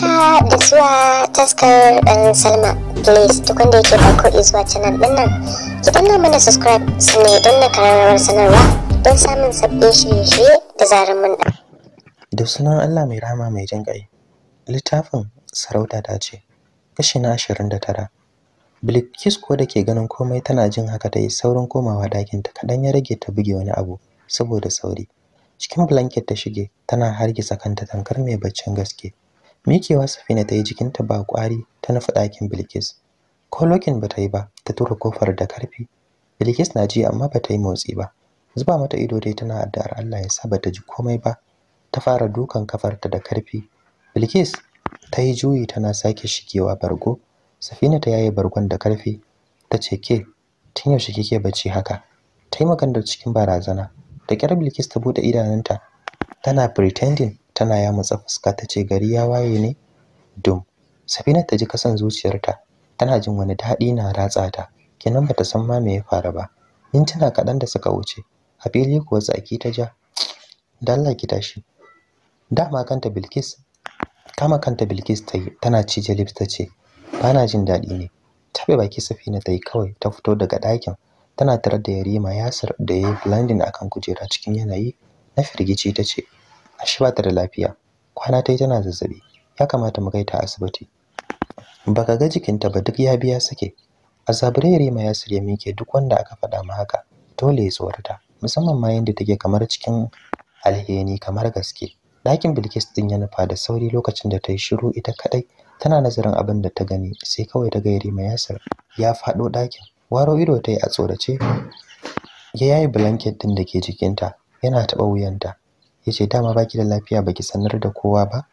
haka ah, da zuwa taskar ɗan um, salma please duk wanda yake farko izuwa canal ɗin nan ki danna mana subscribe sannan don na kararrawar sanarwa don samun sabbin shirye-shirye da zarar mun da da sunan allah mai rama mai jin ƙai littafin sarauta ta ce kashi na ashirin da tara bilkis ko da ke ganin komai tana jin haka ta yi saurin komawa dakinta kaɗan ya rage ta buge wani abu saboda sauri cikin blanket ta shige tana hargitsa kanta tankar mai baccin gaske Mikewa Safina ta yi jikinta ba kwari ta nufi ɗakin Bilkis. Ko lokin ba ta yi ba, ta tura kofar da ƙarfi. Bilkis na ji amma ba ta yi motsi ba. Zuba mata ido dai tana addu'ar Allah ya sa ba ta ji komai ba. Ta fara dukan kafarta da ƙarfi. Bilkis ta yi juyi tana sake shigewa bargo. Safina ta yaye bargon da ƙarfi. Ta ce ke, tun yaushe kike bacci haka? Ta yi maganar cikin barazana. Da ƙyar Bilkis ta buɗe idanunta. Tana pretending tana ya matsa fuska ta ce gari ya waye ne dum safina ta ji kasan zuciyarta tana jin wani daɗi na ratsa ta kenan bata san ma me ya faru ba mintuna kaɗan da suka wuce a fili kuwa tsaki ta ja da Allah ki tashi dama kanta Bilkis kama kanta Bilkis ta yi tana ci jalif ta ce bana jin daɗi ne tabe baki safina ta yi kawai ta fito daga ɗakin tana tare da yarima yasir da ya yi landing akan kujera cikin yanayi na firgici ta ce ashe ba ta da lafiya kwana ta yi tana zazzabi ya kamata mu kai ta asibiti baka ga jikinta ba duk ya biya sake a zabure rima ya sirya mike duk wanda aka faɗa ma haka dole ya tsorata musamman ma yadda take kamar cikin alheri kamar gaske ɗakin bilkis din ya nufa da sauri lokacin da ta yi shiru ita kaɗai tana nazarin abin da ta gani sai kawai ta ga rima yasir ya faɗo ɗakin waro ido ta yi a tsorace ya yayi blanket din da ke jikinta yana taɓa wuyanta ya ce dama baki da lafiya baki sanar da kowa ba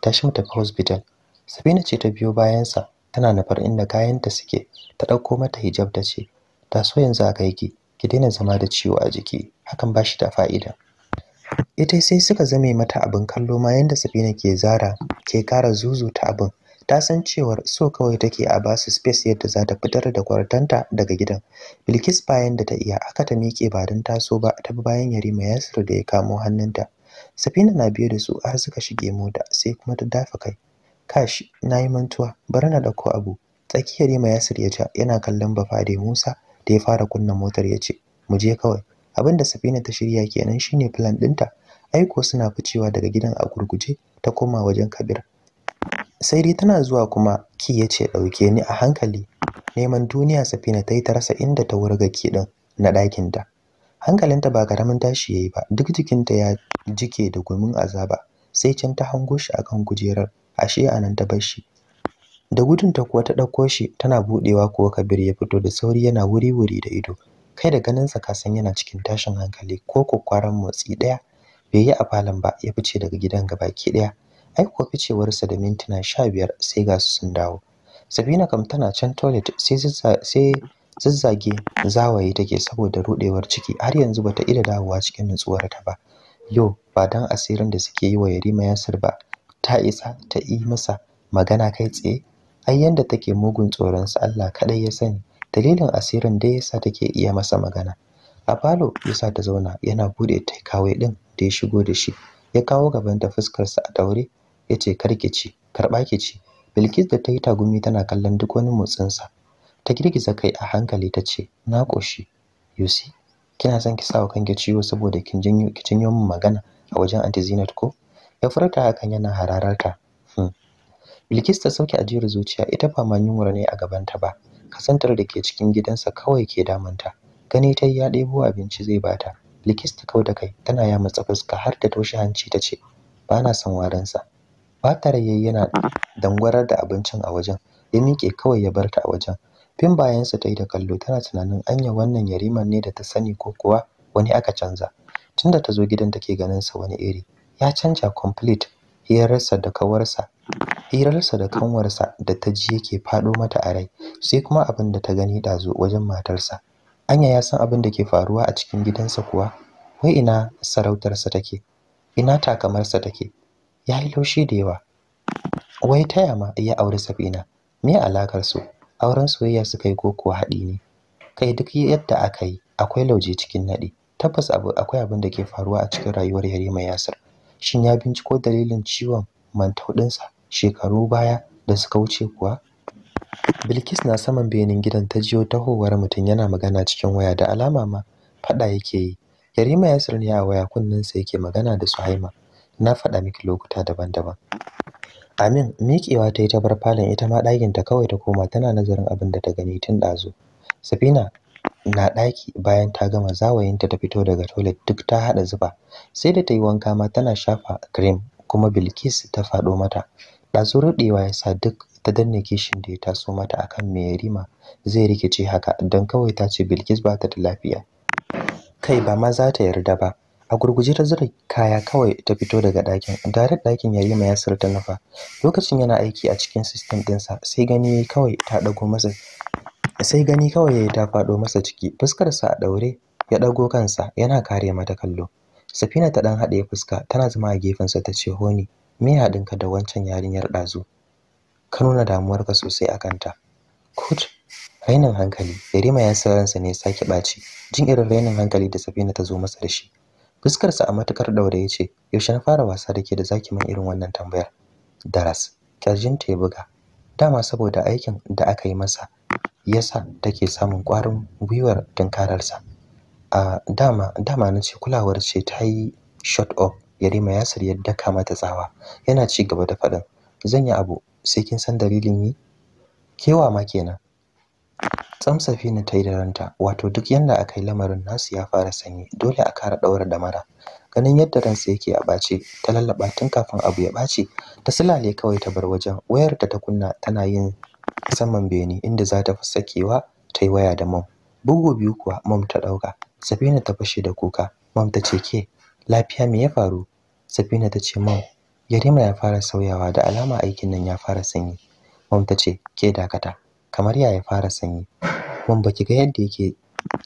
tashi mu tafi hospital sabina ce ta biyo bayansa tana nufar inda kayanta suke ta ɗauko mata hijab ta ce ta so yanzu a kai ki ki daina zama da ciwo a jiki hakan ba shi da fa'ida ita sai suka zame mata abin kallo ma yanda sabina ke zara ke kara zuzuta abin ta san cewar so kawai take a ba su space yadda za ta fitar da kwartanta daga gidan bilkis bayan da ta iya aka ta miƙe ba don taso ba ta bayan yarima yasir da ya kamo hannunta safina na biye da su har suka shige mota sai kuma ta dafa kai kashi na yi mantuwa bari na ɗauko abu tsakiyar yarima yasir ya ja yana kallon bafade musa da ya fara kunna motar ya ce mu je kawai da safina ta shirya kenan shine plan ɗinta aiko suna ficewa daga gidan a gurguje ta koma wajen kabir sai dai tana zuwa kuma ki ya ce ɗauke ni a hankali neman duniya safina ta yi ta rasa inda ta wurga ki ɗin na ɗakinta hankalinta ba karamin tashi ya yi ba duk jikinta ya jike da gumin azaba sai can ta hango shi akan kujerar ashe a nan ta bar shi da gudunta kuwa ta ɗauko shi tana buɗewa kuwa kabir ya fito da sauri yana wuri-wuri da ido kai da ganinsa ka san yana cikin tashin hankali ko kwakwaran motsi ɗaya bai yi a falon ba ya fice daga gidan gabaki ɗaya Aiko ficewarsa da mintuna sha biyar sai ga su sun dawo sabina kam tana can toilet sai zazzage zawaye take saboda rudewar ciki har yanzu bata ida dawowa cikin nutsuwar ta ba yo ba dan asirin da suke yi wa yarima yasir ba ta isa ta yi masa magana kai tsaye ai yanda take mugun tsoron sa Allah kadai ya sani dalilin asirin da yasa take iya masa magana a falo yasa ta zauna yana bude kawai din da ya shigo da shi ya kawo gaban ta fuskar sa a daure ya ce karki ci karɓa ki ci bilkis da tayi tagumi tana kallon duk wani motsinsa ta girgiza kai a hankali ta ce na ƙoshi yusi kina son ki sa wa kanki ciwo saboda kin jinyo ki janyo min magana a wajen anti zinat ko ya furta hakan yana harararta hmm. bilkis ta sauke ajiyar zuciya ita ba ma yunwar ne a gabanta ba kasantar da ke cikin gidansa kawai ke damanta gani ta ya ɗebo abinci zai bata bilkis ta kau da kai tana ya matsa fuska har da toshe hanci ta ce ba na son warinsa Fatar yayi yana dangwarar da abincin a wajen, ya miƙe kawai ya bar ta a wajen. Bin bayansa ta yi da kallo tana tunanin anya wannan yariman ne da ta sani ko kuwa wani aka canza. Tunda ta zo gidan take ganin sa wani iri. Ya canja complete hirarsa da kawarsa. Hirarsa da kanwarsa da ta ji yake faɗo mata a rai, sai kuma abin da ta gani ɗazu wajen matarsa. Anya ya san abin da ke faruwa a cikin gidansa kuwa? Wai ina sarautarsa take? Ina takamarsa take? yayi laushi da yawa wai taya ma ya aure safina me alakar su auren soyayya suka yi ko kuwa haɗi ne kai duk yadda aka yi akwai lauje cikin naɗi tabbas abu akwai abin da ke faruwa a cikin rayuwar yarima yasir shin ya binciko dalilin ciwon mantau shekaru baya da suka wuce kuwa bilkis na saman benin gidan ta jiyo tahowar mutum yana magana cikin waya da alama ma faɗa yake yi yarima yasir ne a waya sa yake magana da suhaima na faɗa miki lokuta daban-daban Amin miƙewa ta yi ta bar falon ita ma ɗakinta kawai ta koma tana nazarin abin da ta gani tun ɗazu Safina na ɗaki bayan ta gama zawayinta ta fito daga toilet duk ta haɗa zuba sai da ta yi wanka ma tana shafa cream kuma Bilkis ta faɗo mata ɗazu ruɗewa ya sa duk ta danne kishin da ya taso mata akan me rima zai rikice haka don kawai ta ce Bilkis ba ta da lafiya kai ba ma za ta yarda ba a gurguje ta zura kaya kawai ta fito daga ɗakin direct ɗakin yarima ya ta nufa lokacin yana aiki a cikin system ɗinsa sai gani kawai ta ɗago masa sai gani kawai yayi ta faɗo masa ciki fuskarsa a ɗaure ya ɗago kansa yana kare mata kallo safina ta ɗan haɗe fuska tana zama a gefensa ta ce honi me haɗinka da wancan yarinyar ɗazu ka nuna damuwar ka sosai a kanta kut rainin hankali yarima ya sa ransa ne sake ɓaci jin irin rainin hankali da safina ta zo masa da shi fuskarsa a matukar daure ya ce yaushe na fara wasa da ke da zaki min irin wannan tambayar daras ta ya buga dama saboda aikin da aka yi masa yasa take samun kwarin gwiwar tunkararsa a dama dama na ce kulawar ce ta yi shot up yarima yasir yadda daka mata tsawa yana ci gaba da faɗin zan yi abu sai kin san dalilin yi kewa ma kenan Tsam Safina ta yi da ranta, wato duk yanda aka yi lamarin nasu ya fara sanyi, dole a kara ɗaura da mara, Ganin yadda ransa yake a ɓace, ta lallaɓa tun kafin abu ya ɓace ta silale kawai ta bar wajen, Wayar da ta kunna tana yin saman bene inda za ta fi sakewa ta yi waya da mom. Bugu biyu kuwa mom ta ɗauka, Safina ta fashe da kuka, mom ta ce ke, lafiya me ya faru? Safina ta ce mom, Yarima ya fara sauyawa da alama aikin nan ya fara sanyi. Mom ta ce ke dakata, kamar ya fara sanyi kuma baki ga yadda yake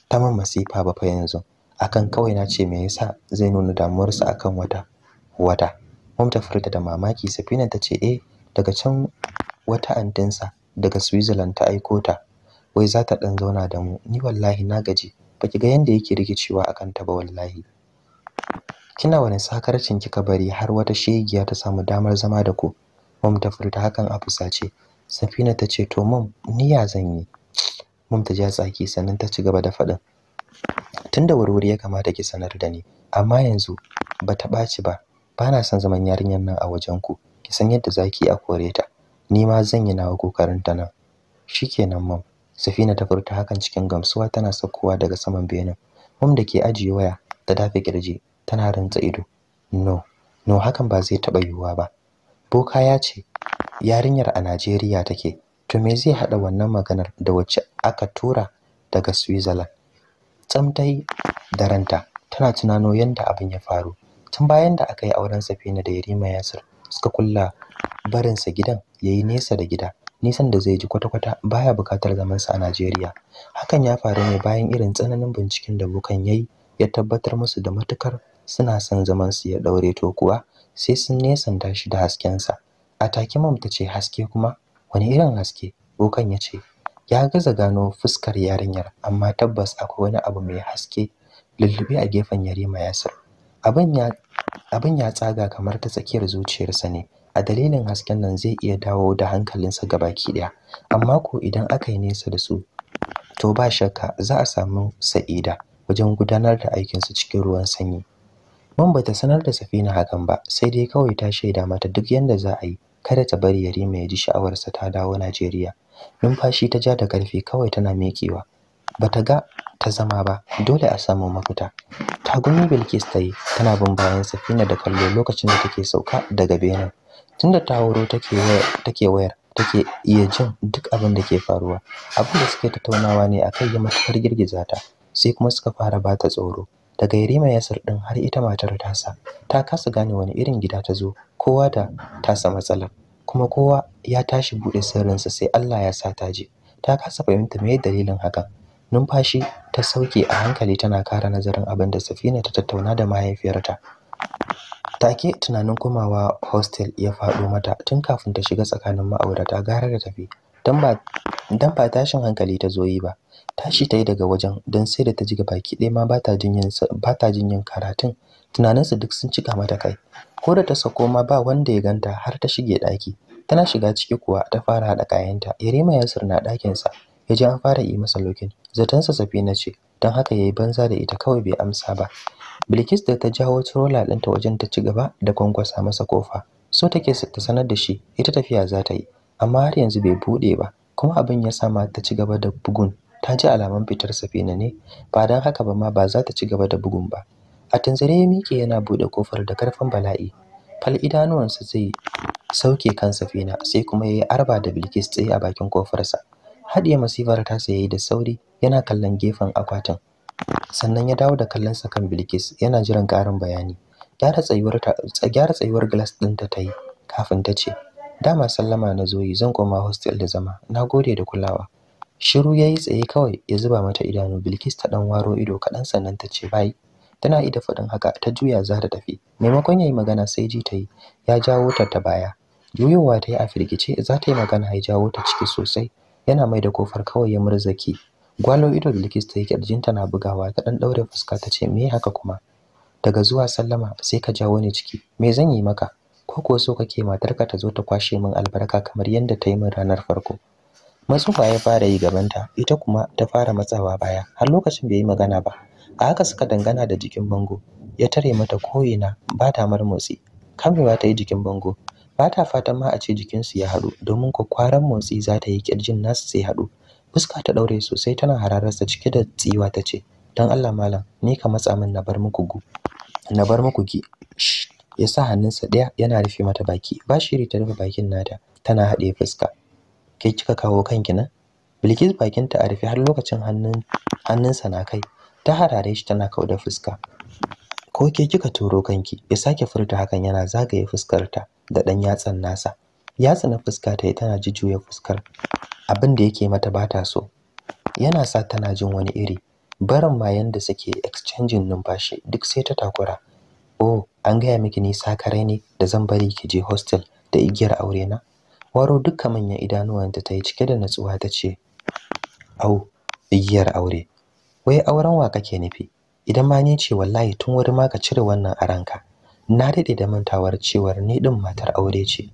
ta man masifa ba fa yanzu akan kawai na ce me yasa zai nuna damuwarsa akan wata wata Mamta furta da mamaki Safina ta ce eh daga can wata antinsa daga Switzerland ta aiko ta wai za ta dan zauna da mu ni wallahi na gaji baki ga yadda yake rikicewa akan ta ba wallahi kina wani sakarcin kika bari har wata shegiya ta samu damar zama da ku Mamta furta hakan a fusace Safina ta ce to mum ni ya zan yi mum ta ja tsaki sannan ta ci gaba da faɗin Tunda da wurwuri ya kamata ki sanar da ni amma yanzu Bata ɓaci ba bana son zaman yarinyar nan a wajen ku ki san yadda zaki yi a kore ta ni ma zan yi nawa kokarin ta nan shikenan mum Safina ta furta hakan cikin gamsuwa tana saukowa daga saman benin mum da ke ajiye waya ta dafe kirji tana rantsa ido no no hakan ba zai taɓa yiwuwa ba boka ya ce yarinyar a Najeriya take to me zai hada wannan maganar da wacce aka tura daga Switzerland tsamtai da ranta tana tunano yanda abin ya faru tun bayan da aka yi auren Safina da Yarima Yasir suka kulla barinsa gidan yayi nesa da gida nisan da zai ji kwata-kwata baya bukatar zamansa a Najeriya hakan ya faru ne bayan irin tsananin binciken da bukan yayi ya tabbatar musu da matukar suna son su ya daure to kuwa sai sun nesanta shi da haskensa a take mam ta ce haske kuma wani irin haske bokan ya ce ya gaza gano fuskar yarinyar amma tabbas akwai wani abu mai haske lullube a gefen yarima yasir abin ya tsaga kamar ta tsakiyar zuciyarsa ne a dalilin hasken nan zai iya dawo da hankalinsa gabaki baki daya amma ko idan aka yi nesa da su to ba shakka za a samu sa'ida wajen gudanar da aikinsu cikin ruwan sanyi Mun bata sanar da safina hakan ba sai dai kawai ta shaida mata duk yadda za a yi kada ta bari Yarima ya ji sha'awarsa ta dawo Najeriya. Numfashi ta ja da ƙarfi kawai tana mekewa. Bata ga ta zama ba, dole a samu mafita. Tagumi Bilkis ta yi, tana bin bayan Safina da kallo lokacin da take sauka daga benin. Tunda ta wuro take wayar, take wayar, take iya jin duk abin da ke faruwa. Abin da suke tattaunawa ne akai ya matukar girgiza ta, sai kuma suka fara bata tsoro. daga yarima yasir din har ita matar tasa ta kasa gane wani irin gida ta zo kowa da tasa matsalar kuma kowa ya tashi bude sirrinsa sai Allah ya sa ta je ta kasa fahimta me dalilin hakan numfashi ta sauke a hankali tana kara nazarin abin da Safina ta tattauna da mahaifiyarta take tunanin komawa hostel ya faɗo mata tun kafin ta shiga tsakanin ma'aurata gara da tafi dan dan ba tashin hankali ta zo yi ba tashi ta yi daga wajen don sai da ta ji baki ɗaya ma ba ta jin yin karatun tunaninsa duk sun cika mata kai ko da ta sako ma ba wanda ya ganta har ta shige ɗaki tana shiga ciki kuwa ta fara haɗa kayanta yarima ya na ɗakinsa ya ji an fara yi masa lokin zatonsa na ce don haka ya yi banza da ita kawai bai amsa ba bilkis da ta jawo trola ɗinta wajen ta ci gaba da kwankwasa masa kofa so take ta sanar da shi ita tafiya za ta yi amma har yanzu bai buɗe ba kuma abin ya sa ma ta ci gaba da bugun ta ji alamun fitar safina ne ba don haka ba ma ba za ta ci gaba da bugun ba a tanzare ya miƙe yana buɗe kofar da karfin bala'i fal idanuwansa zai sauke kan safina sai kuma ya yi arba da bilkis tsaye a bakin kofarsa haɗiye masifar ta sayi da sauri yana kallon gefen akwatin sannan ya dawo da kallonsa kan bilkis yana jiran ƙarin bayani gyara tsayuwar glass ɗinta ta yi kafin ta ce dama sallama na zo yi zan koma hostel da zama na gode da kulawa shiru yayi tsaye kawai ya zuba mata idanu bilkis ta dan waro ido kaɗan sannan ta ce bai tana ida faɗin haka ta juya za ta tafi maimakon yayi magana sai ji ta yi ya jawo ta ta baya juyowa ta yi a firgice za ta yi magana ya jawo ta ciki sosai yana mai da kofar kawai ya murzaki gwalo ido bilkis ta yi kirjinta na bugawa ta dan daure fuska ta ce me haka kuma daga zuwa sallama sai ka jawo ni ciki me zan yi maka ko ko so kake matarka ta zo ta kwashe min albarka kamar yadda ta yi min ranar farko Masufa ya fara yi gabanta ita kuma ta fara matsawa baya har lokacin bai yi magana ba a haka suka dangana da jikin bango ya tare mata koyina ba ta marmotsi. kamewa ta yi jikin bango ba ta fatan ma a ce jikinsu ya haɗu domin kwaran motsi za ta yi kirjin nasu sai haɗu fuska ta ɗaure sosai tana hararsa cike da tsiwa ta ce don allah malam ni ka matsa min na bar muku gu na bar muku ki ya sa hannunsa ɗaya yana rufe mata baki ba ta rufe bakin nata tana haɗe fuska ke kika kawo kanki nan Bilkis ta a rufe har lokacin hannun hannunsa na kai ta harare shi tana kauda fuska ko ke kika turo kanki ya sake furta hakan yana zagaye fuskar ta da dan yatsan nasa yatsa na fuska ta tana jujjuya fuskar abin da yake mata bata so yana sa tana jin wani iri barin ma yanda suke exchanging numfashi duk sai ta takura oh an gaya miki ni sakarai ne da zan bari ki je hostel da igiyar aure na waro dukka manyan idanuwanta ta yi cike da natsuwa ta ce au igiyar aure wai auren wa kake nufi idan ma ni ce wallahi tun wuri ma ka cire wannan a ranka na daɗe da mantawar cewar ni ɗin matar aure ce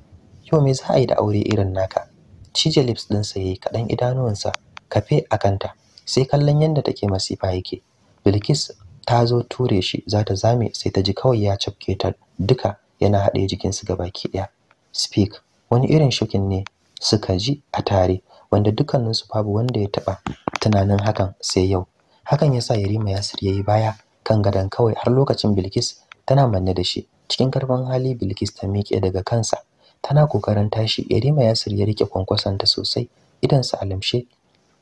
yau me za a yi da aure irin naka cije lips ɗinsa ya yi kaɗan idanuwansa kafe a kanta sai kallon yadda take masifa yake bilkis ta zo ture shi zata zame sai ta ji kawai ya cafke ta duka yana haɗe jikinsu gabaki ɗaya speak wani irin shukin ne suka ji a tare wanda dukkaninsu babu wanda ya taɓa tunanin hakan sai yau hakan ya sa yarima yasir ya yi baya kan gadon kawai har lokacin bilkis tana manne da shi cikin karfin hali bilkis ta miƙe daga kansa tana kokarin tashi yarima yasir ya rike ta sosai idansa a lamshe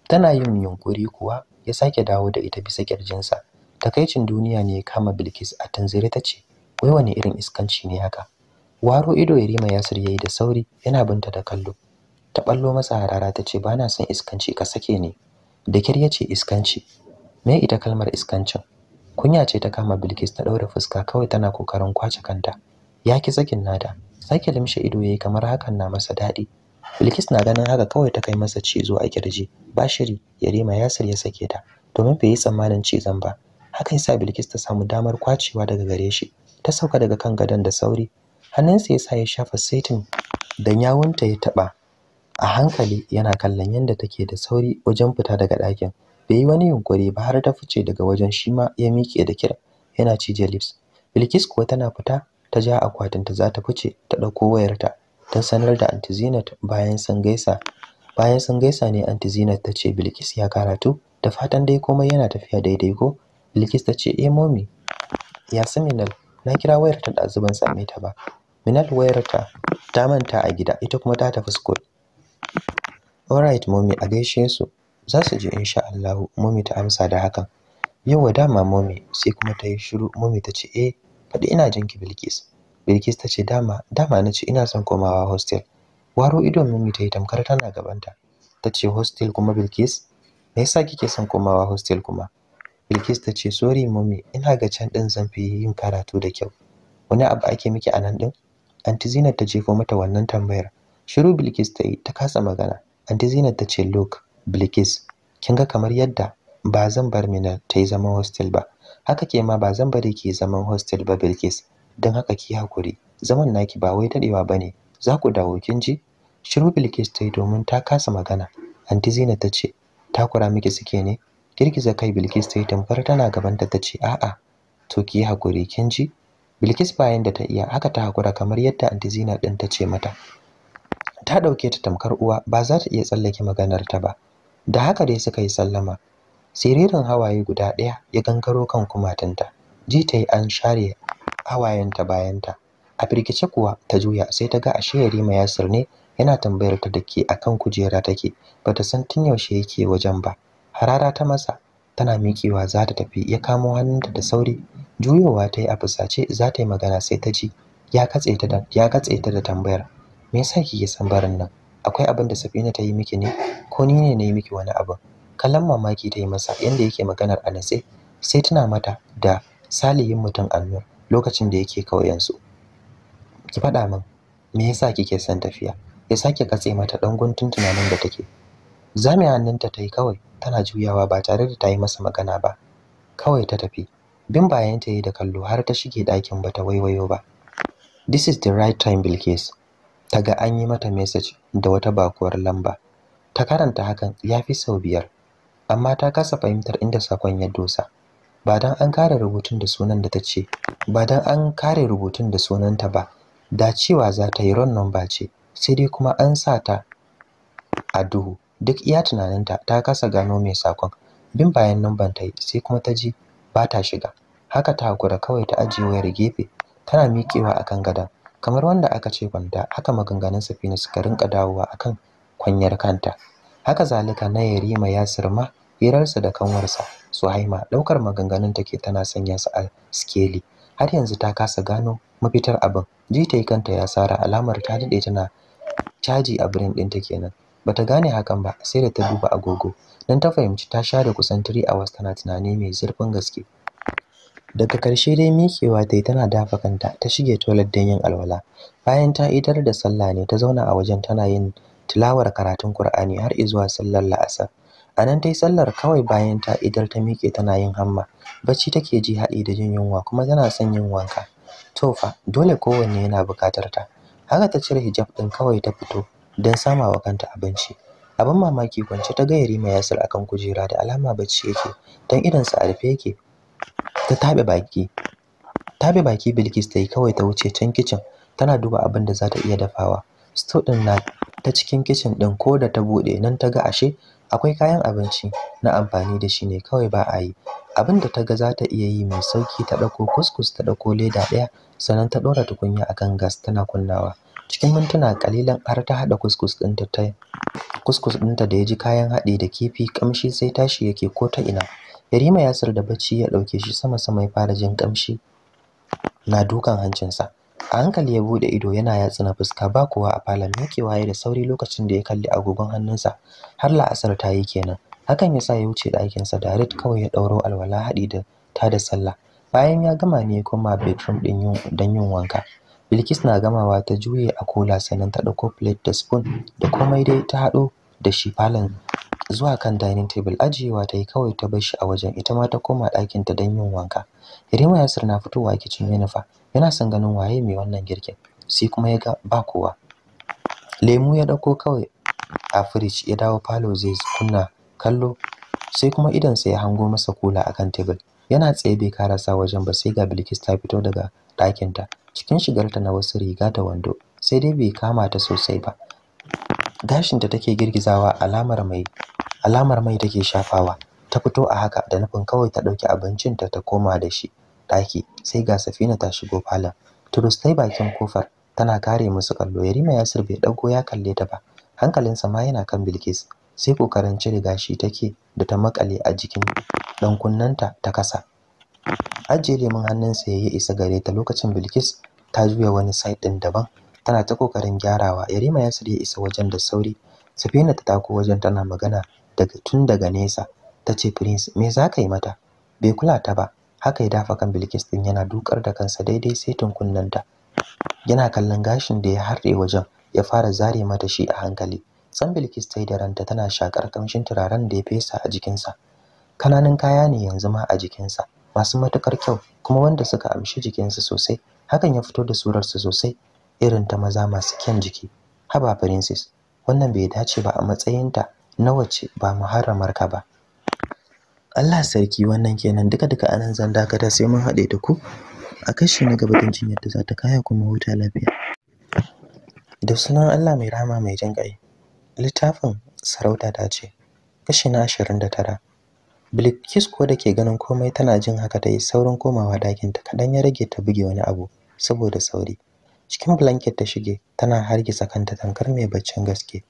tana yin yunkuri kuwa ya sake dawo da ita bisa ƙirjinsa. takaicin duniya ne ya kama bilkis a tanzire ta ce wai wani irin iskanci ne haka waro ido yarima yasir yayi da sauri yana binta da kallo ta ballo masa harara ta ce na son iskanci ka sake ni da kyar ya ce iskanci me ita kalmar iskancin kunya ce ta kama bilkis ta ɗaure fuska kawai tana kokarin kwace kanta ya ki sakin nada sake limshe ido yayi kamar hakan na masa daɗi bilkis na ganin haka kawai ta kai masa cizo a kirji ba shiri yarima yasir ya sake ta domin bai yi tsammanin cizon ba hakan sa bilkis ta samu damar kwacewa daga gare shi ta sauka daga kan gadon da sauri hannunsa ya sa ya shafa saitin da yawunta ya taɓa a hankali yana kallon yadda take da sauri wajen fita daga ɗakin bai yi wani yunkuri ba har ta fice daga wajen shi ma ya miƙe da kira yana cije lips bilkis kuwa tana fita ta ja akwatinta za ta fice ta ɗauko wayarta don sanar da anti bayan sun gaisa bayan sun gaisa ne anti zinat ta ce bilkis ya karatu da fatan dai komai yana tafiya daidai ko bilkis ta ce eh momi ya nan na kira wayarta da ɗazu ban same ta ba minal wayarta ta manta a gida ita kuma ta tafi school alright mommy a gaishe su za su je insha Allah mommy ta amsa da hakan wa dama mommy sai kuma ta yi shiru mommy ta ce eh faɗi ina jin ki Bilkis Bilkis ta ce dama dama na ce ina son komawa hostel waro ido mommy ta yi tamkar tana gabanta ta ce hostel kuma Bilkis me yasa kike son komawa hostel kuma Bilkis ta ce sorry mommy ina ga can din zan fi yin karatu da kyau wani abu ake miki a nan din anti Zinat ta jefo mata wannan tambayar shiru Bilkis ta yi ta kasa magana anti Zinat ta ce look Bilkis kin ga kamar yadda ba zan bar mina ta yi zaman hostel ba haka ke ma ba zan bari ki zaman hostel ba Bilkis don haka ki hakuri zaman naki ba wai ba bane za ku dawo kin ji shiru Bilkis ta yi domin ta kasa magana anti Zinat ta ce takura miki suke ne girgiza kai Bilkis ta yi tamfar tana gabanta ta ce a'a to ki hakuri kin ji Bilkis bayan da ta iya haka ta hakura kamar yadda Aunty Zina din ta ce mata. Ta dauke ta tamkar uwa ba za ta iya tsallake maganar ta ba. Da haka dai suka yi sallama. Siririn hawaye guda ɗaya ya gangaro kan kumatunta. Ji ta yi an share hawayenta bayanta. A firgice kuwa ta juya sai ta ga ashe Yarima ya ne yana tambayar ta dake akan kujera take bata san tun yaushe yake wajen ba. Harara ta masa tana miƙewa za ta tafi ya kamo hannunta da sauri juyowa ta yi a fusace za ta yi magana sai ta ji ya katse ta da tambayar me yasa kike san barin nan akwai abin da Safina ta yi miki ne ko ni ne na yi miki wani abin kallon mamaki ta yi masa yadda yake maganar a natse sai tana mata da salihin mutum annur lokacin da yake ƙauyensu. ki faɗa min me yasa kike son tafiya ya sake katse mata ɗan guntun tunanin da take zame hannunta ta yi kawai tana juyawa ba tare da ta yi masa magana ba kawai ta tafi bin bayan ta yi da kallo har ta shige ɗakin ba ta waiwayo ba this is the right time bilkis ta ga an yi mata message da wata bakuwar lamba ta karanta hakan ya fi sau biyar amma ta kasa fahimtar inda sakon ya dosa ba dan an kare rubutun da sunan da ta ce ba dan an kare rubutun da sunanta ba da cewa za ta yi ran number ce sai dai kuma an sa ta a duhu duk iya tunaninta ta kasa gano mai sakon bin bayan ban ta sai kuma ta ji ba ta shiga haka ta hakura kawai ta ajiye wayar gefe tana miƙewa akan gadon kamar wanda aka ce kwanta haka maganganun Safina suka rinka dawowa akan kwanyar kanta haka zalika na Yarima Yasir ma hirarsa da kanwarsa Suhaima daukar maganganun take tana sanya su a skeli har yanzu ta kasa gano mafitar abin ji ta kanta ya sara alamar ta dade tana caji a brain ɗinta kenan bata gane hakan ba sai da ta duba agogo dan ta fahimci ta share kusan 3 hours tana tunani mai zurfin gaske daga karshe dai mikewa ta yi tana dafa kanta ta shige toilet don yin alwala bayan ta idar da sallah ne ta zauna a wajen tana yin tilawar karatun Kur'ani har izuwa sallar la'asar a nan ta yi sallar kawai bayan ta idar ta miƙe tana yin hamma bacci take ji haɗi da jin yunwa kuma tana son yin wanka tofa dole kowanne yana bukatar ta haka ta cire hijab ɗin kawai ta fito don sama wa kanta abinci abin mamaki kwance ta ga yarima ya yasir akan kujera da alama bacci yake don idonsa a rufe yake ta taɓe baki Tabe baki bilkis ta yi kawai ta wuce can kicin tana duba abin da za ta iya dafawa sto ɗin na ta cikin kicin ɗin ko da ta buɗe nan ta ga ashe akwai kayan abinci na amfani da shi ne kawai ba a yi abin da ta ga za ta iya yi mai sauki ta ɗauko kuskus ta ɗauko leda ɗaya sannan ta ɗora tukunya akan gas tana kunnawa cikin mintuna kalilan har ta hada kuskus dinta ta kuskus ɗinta da ya ji kayan haɗi da kifi kamshi sai tashi yake ko ta ina yarima ya da bacci ya ɗauke shi sama sama ya fara jin kamshi na dukan hancinsa a hankali ya bude ido yana yatsuna fuska ba kowa a falon waye da sauri lokacin da ya kalli agogon hannunsa har la'asar ta yi kenan hakan ya sa ya wuce ɗakinsa darit kawai ya ɗauro alwala haɗi da ta da sallah bayan ya gama ne ya koma bedroom ɗin don yin wanka Bilkis na gamawa ta juye a kola sannan ta ɗauko plate da spoon da komai dai ta haɗo da shi falon zuwa kan dining table ajiyewa ta yi kawai ta bar shi a wajen ita ma ta koma ɗakin ta don yin wanka. Yarima Yasir na fitowa kicin yana fa yana son ganin waye mai wannan girkin sai kuma ya ga ba kowa. Lemu ya ɗauko kawai a fridge ya dawo falo zai kunna kallo sai kuma idonsa ya hango masa kola akan table yana tsaye bai karasa wajen ba sai ga Bilkis ta fito daga ɗakinta cikin shigarta na wasu riga da wando sai dai bai kama ta sosai ba gashinta take girgizawa alamar mai alamar mai take shafawa ta fito a haka da nufin kawai ta ɗauki abincin ta ta koma da shi ɗaki sai ga safina ta shigo falon Turistai bakin kofar tana kare musu kallo yarima yasir bai ɗauko ya kalle ta ba hankalinsa ma yana kan bilkis sai kokarin cire gashi take da ta maƙale a jikin kunnanta ta kasa ajiye lemun hannunsa ya isa gare ta lokacin bilkis ta juya wani site ɗin daban tana ta kokarin gyarawa yarima ya ya isa wajen da sauri safina ta tako wajen tana magana daga tun daga nesa ta ce prince me za ka yi mata bai kula ta ba haka ya dafa kan bilkis ɗin yana dukar da kansa daidai sai ta yana kallon gashin da ya harre wajen ya fara zare mata shi a hankali san bilkis ta yi da ranta tana shakar kamshin turaren da ya fesa a jikinsa kananan kaya ne yanzu ma a jikinsa masu matukar kyau kuma wanda suka amshi jikinsu sosai hakan ya fito da surarsu sosai irin ta maza masu kyan jiki haba princess wannan bai dace ba a matsayinta na wacce ba muharramar ka ba Allah sarki wannan kenan duka duka anan zan dakata sai mun haɗe da ku a kashi na gaba don jin yadda za ta kaya kuma huta lafiya da sunan Allah mai rama mai jin ƙai littafin sarauta ta ce kashi na ashirin da tara Bilkis ko da ke ganin komai tana jin haka ta yi saurin komawa ɗakinta kaɗan ya rage ta buge wani abu saboda sauri. Cikin blanket ta shige tana hargitsa kanta tankar mai baccin gaske.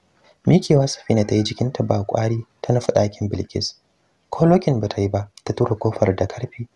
Mikewa Safina ta yi jikinta ba kwari ta nufi ɗakin Bilkis. Ko lokin ba ta yi ba ta tura kofar da ƙarfi